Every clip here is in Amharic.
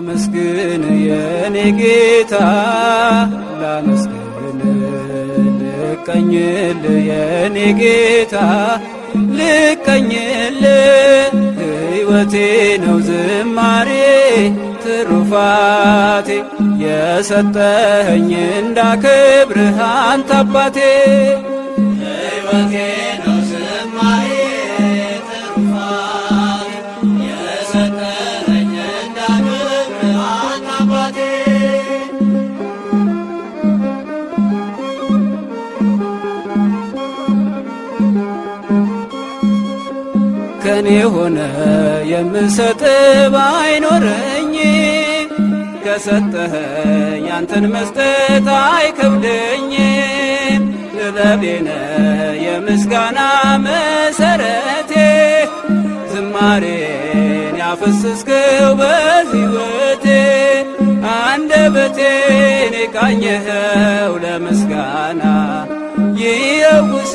ላመስግን የኔ ጌታ ላመስግን ልቀኝል የኔ ጌታ ልቀኝል ሕይወቴ ነው ዝማሬ ትሩፋቴ የሰጠኸኝ እንዳከብርህ አንተ አባቴ ከኔ ሆነ የምሰጥ ባይኖረኝ ከሰጠህ ያንተን መስጠት አይከብደኝ። ጥበቤነ የምስጋና መሰረቴ ዝማሬን ያፈስስከው በሕይወቴ አንደበቴን የቃኘኸው ለምስጋና ይየውሰ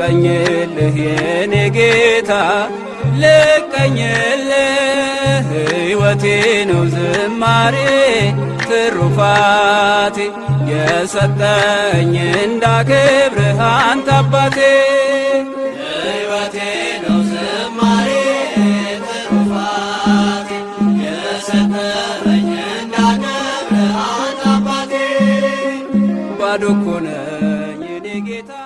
ልቀኝልህ የኔ ጌታ ልቀኝልህ ሕይወቴ ነው ዝማሬ ትሩፋቴ የሰጠኝ እንዳከብርህ አባቴ ዝማሬ አንተ አባቴ ባዶ እኮ ነኝ እኔ ጌታ